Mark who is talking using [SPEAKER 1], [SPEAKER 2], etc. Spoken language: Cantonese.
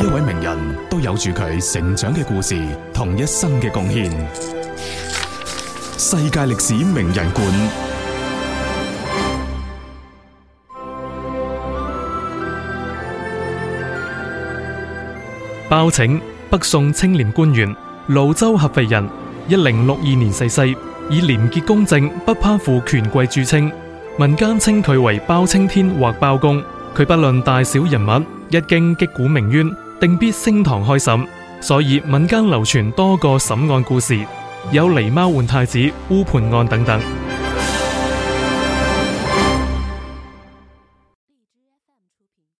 [SPEAKER 1] 一位名人都有住佢成長嘅故事，同一生嘅貢獻。世界歷史名人館。
[SPEAKER 2] 包拯，北宋清廉官員，廬州合肥人，一零六二年逝世，以廉潔公正、不攀附權貴著稱，民間稱佢為包青天或包公。佢不論大小人物，一經擊鼓鳴冤。定必升堂開審，所以民間流傳多個審案故事，有狸貓換太子、烏盤案等等。